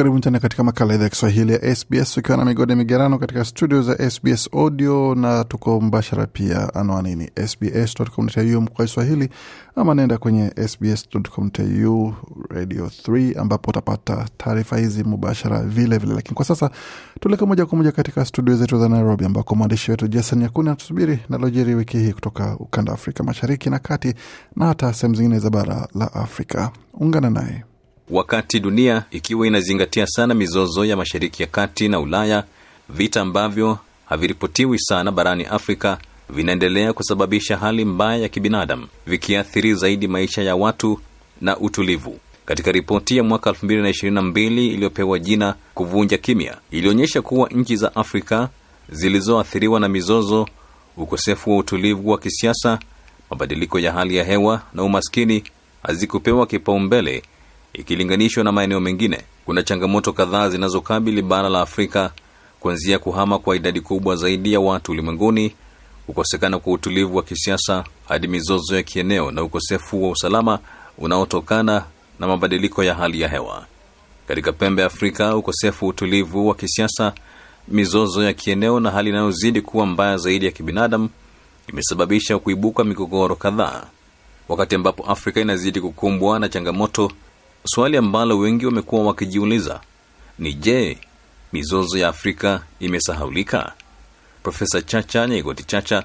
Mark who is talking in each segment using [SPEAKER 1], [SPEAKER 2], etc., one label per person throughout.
[SPEAKER 1] Karibu tena katika makala idhaa ya Kiswahili ya SBS ukiwa na migode migerano katika studio za SBS audio na tuko mbashara pia, anwani ni sbs.com.au mkoa Swahili, ama naenda kwenye sbs.com.au radio 3 ambapo utapata taarifa hizi mubashara vile vile, lakini kwa sasa tuleke moja kwa moja katika studio zetu za Nairobi ambako mwandishi wetu Jason Yakuni anatusubiri nalojiri wiki hii kutoka ukanda wa Afrika Mashariki na Kati na hata sehemu zingine za bara la Afrika. Ungana naye wakati dunia ikiwa inazingatia sana mizozo ya Mashariki ya Kati na Ulaya, vita ambavyo haviripotiwi sana barani Afrika vinaendelea kusababisha hali mbaya ya kibinadamu, vikiathiri zaidi maisha ya watu na utulivu. Katika ripoti ya mwaka 222 iliyopewa jina kuvunja kimya, ilionyesha kuwa nchi za Afrika zilizoathiriwa na mizozo, ukosefu wa utulivu wa kisiasa, mabadiliko ya hali ya hewa na umaskini hazikupewa kipaumbele ikilinganishwa na maeneo mengine. Kuna changamoto kadhaa zinazokabili bara la Afrika, kuanzia kuhama kwa idadi kubwa zaidi ya watu ulimwenguni, kukosekana kwa utulivu wa kisiasa, hadi mizozo ya kieneo na ukosefu wa usalama unaotokana na mabadiliko ya hali ya hewa. Katika pembe ya Afrika, ukosefu utulivu wa kisiasa, mizozo ya kieneo na hali inayozidi kuwa mbaya zaidi ya kibinadamu imesababisha kuibuka migogoro kadhaa, wakati ambapo Afrika inazidi kukumbwa na changamoto Swali ambalo wengi wamekuwa wakijiuliza ni je, mizozo ya Afrika imesahaulika? Profesa Chacha Nyegoti Chacha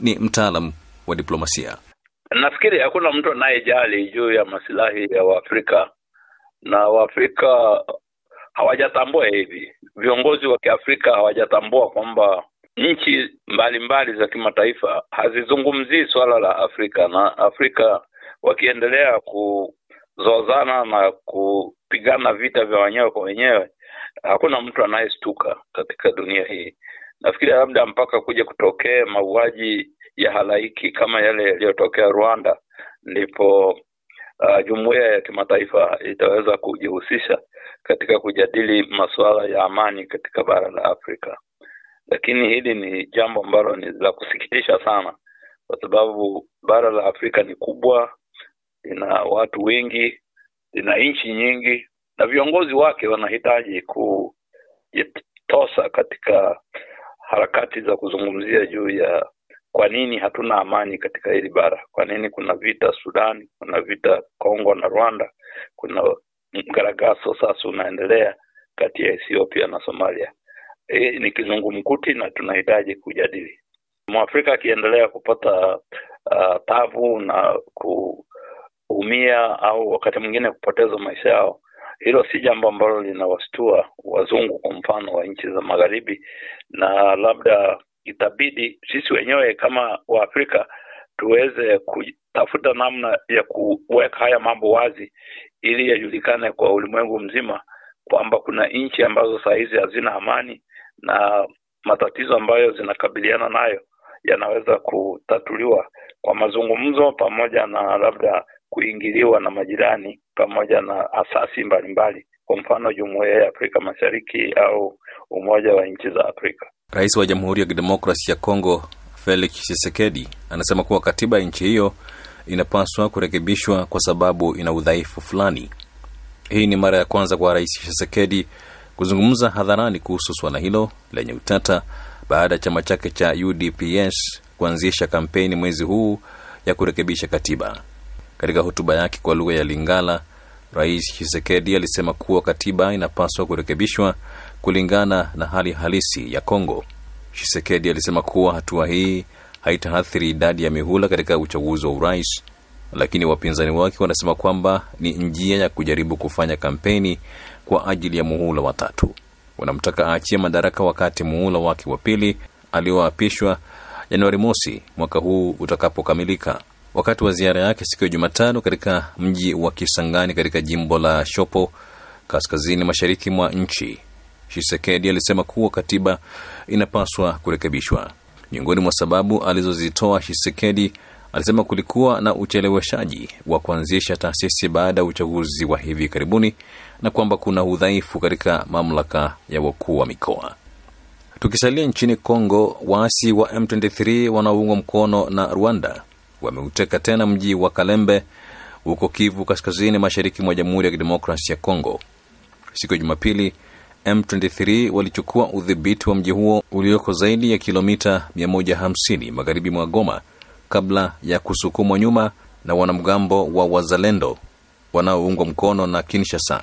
[SPEAKER 1] ni mtaalam wa diplomasia.
[SPEAKER 2] Nafikiri hakuna mtu anayejali juu ya masilahi ya Waafrika na Waafrika hawajatambua hivi. Viongozi wa Kiafrika hawajatambua kwamba nchi mbalimbali za kimataifa hazizungumzii swala la Afrika, na Afrika wakiendelea ku, kuzozana na kupigana vita vya wenyewe kwa wenyewe, hakuna mtu anayestuka katika dunia hii. Nafikiri labda mpaka kuja kutokea mauaji ya halaiki kama yale yaliyotokea Rwanda, ndipo uh, jumuiya ya kimataifa itaweza kujihusisha katika kujadili masuala ya amani katika bara la Afrika. Lakini hili ni jambo ambalo ni la kusikitisha sana, kwa sababu bara la Afrika ni kubwa lina watu wengi lina nchi nyingi na viongozi wake wanahitaji kujitosa katika harakati za kuzungumzia juu ya kwa nini hatuna amani katika hili bara kwa nini kuna vita sudani kuna vita kongo na rwanda kuna mgaragaso sasa unaendelea kati ya ethiopia na somalia hii ni kizungumkuti na tunahitaji kujadili mwafrika akiendelea kupata uh, tabu na ku, kuumia au wakati mwingine kupoteza maisha yao. Hilo si jambo ambalo linawastua wazungu, kwa mfano wa nchi za magharibi, na labda itabidi sisi wenyewe kama Waafrika tuweze kutafuta namna ya kuweka haya mambo wazi ili yajulikane kwa ulimwengu mzima kwamba kuna nchi ambazo saa hizi hazina amani na matatizo ambayo zinakabiliana nayo yanaweza kutatuliwa kwa mazungumzo pamoja na labda kuingiliwa na majirani pamoja na asasi mbalimbali, kwa mfano Jumuiya ya Afrika Mashariki au Umoja wa Nchi za Afrika.
[SPEAKER 1] Rais wa Jamhuri ya Kidemokrasi ya Kongo Felix Tshisekedi anasema kuwa katiba ya nchi hiyo inapaswa kurekebishwa kwa sababu ina udhaifu fulani. Hii ni mara ya kwanza kwa Rais Tshisekedi kuzungumza hadharani kuhusu suala hilo lenye utata baada ya chama chake cha UDPS kuanzisha kampeni mwezi huu ya kurekebisha katiba. Katika hotuba yake kwa lugha ya Lingala, Rais chisekedi alisema kuwa katiba inapaswa kurekebishwa kulingana na hali halisi ya Kongo. chisekedi alisema kuwa hatua hii haitaathiri idadi ya mihula katika uchaguzi wa urais, lakini wapinzani wake wanasema kwamba ni njia ya kujaribu kufanya kampeni kwa ajili ya muhula watatu Wanamtaka aachie madaraka wakati muhula wake wa pili alioapishwa Januari mosi mwaka huu utakapokamilika wakati wa ziara yake siku ya Jumatano katika mji wa Kisangani katika jimbo la Shopo kaskazini mashariki mwa nchi. Shisekedi alisema kuwa katiba inapaswa kurekebishwa. Miongoni mwa sababu alizozitoa Shisekedi alisema kulikuwa na ucheleweshaji wa kuanzisha taasisi baada ya uchaguzi wa hivi karibuni na kwamba kuna udhaifu katika mamlaka ya wakuu wa mikoa. Tukisalia nchini Kongo, waasi wa M23 wanaoungwa mkono na Rwanda wameuteka tena mji wa Kalembe huko Kivu kaskazini mashariki mwa Jamhuri ya Kidemokrasi ya Kongo. Siku ya Jumapili, M23 walichukua udhibiti wa mji huo ulioko zaidi ya kilomita 150 magharibi mwa Goma kabla ya kusukumwa nyuma na wanamgambo wa Wazalendo wanaoungwa mkono na Kinshasa.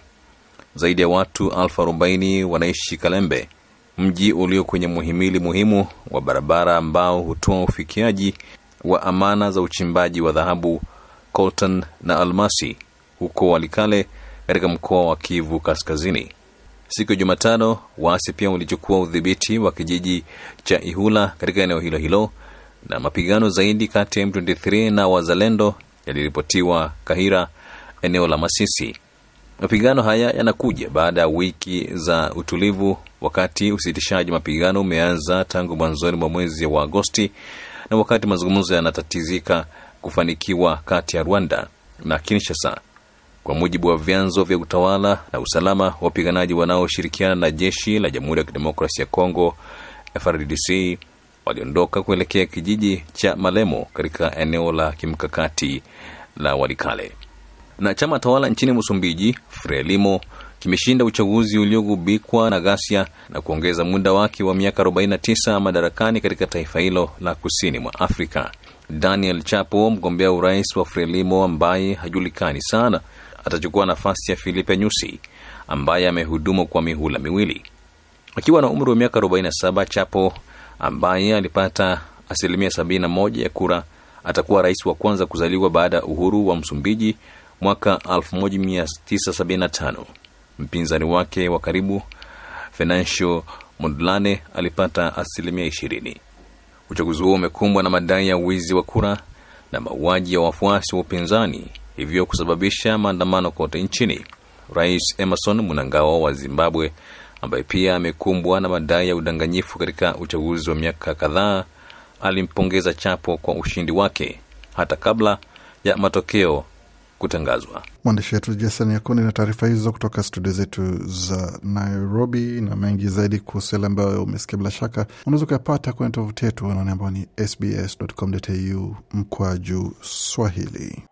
[SPEAKER 1] Zaidi ya watu 40 wanaishi Kalembe, mji ulio kwenye muhimili muhimu wa barabara ambao hutoa ufikiaji wa amana za uchimbaji wa dhahabu, coltan na almasi huko Walikale katika mkoa wa Kivu Kaskazini. Siku ya Jumatano, waasi pia walichukua udhibiti wa kijiji cha Ihula katika eneo hilo hilo, na mapigano zaidi kati ya M23 na wazalendo yaliripotiwa Kahira, eneo la Masisi. Mapigano haya yanakuja baada ya wiki za utulivu, wakati usitishaji mapigano umeanza tangu mwanzoni mwa mwezi wa Agosti na wakati mazungumzo yanatatizika kufanikiwa kati ya Rwanda na Kinshasa. Kwa mujibu wa vyanzo vya utawala na usalama, wapiganaji wanaoshirikiana na jeshi la Jamhuri ya kidemokrasi ya Kongo frdc waliondoka kuelekea kijiji cha Malemo katika eneo la kimkakati la Walikale. Na chama tawala nchini Msumbiji Frelimo kimeshinda uchaguzi uliogubikwa na ghasia na kuongeza muda wake wa miaka 49 madarakani katika taifa hilo la kusini mwa Afrika. Daniel Chapo, mgombea urais wa Frelimo ambaye hajulikani sana, atachukua nafasi ya Filipe Nyusi ambaye amehudumu kwa mihula miwili. Akiwa na umri wa miaka 47, Chapo ambaye alipata asilimia 71 ya kura atakuwa rais wa kwanza kuzaliwa baada ya uhuru wa Msumbiji mwaka 1975. Mpinzani wake wa karibu Financial Mondlane alipata asilimia ishirini. Uchaguzi huo umekumbwa na madai ya wizi wa kura na mauaji ya wafuasi wa upinzani, hivyo kusababisha maandamano kote nchini. Rais Emerson Mnangagwa wa Zimbabwe, ambaye pia amekumbwa na madai ya udanganyifu katika uchaguzi wa miaka kadhaa, alimpongeza Chapo kwa ushindi wake hata kabla ya matokeo kutangazwa. Mwandishi wetu Jason Yakuni na taarifa hizo kutoka studio zetu za Nairobi. Na mengi zaidi kuhusu yale ambayo umesikia, bila shaka unaweza ukayapata kwenye tovuti yetu anaone ambao ni sbs.com.au mkwa juu Swahili.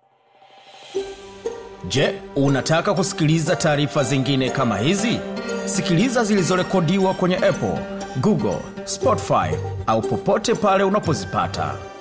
[SPEAKER 1] Je, unataka kusikiliza taarifa zingine kama hizi? Sikiliza zilizorekodiwa kwenye Apple, Google, Spotify au popote pale unapozipata.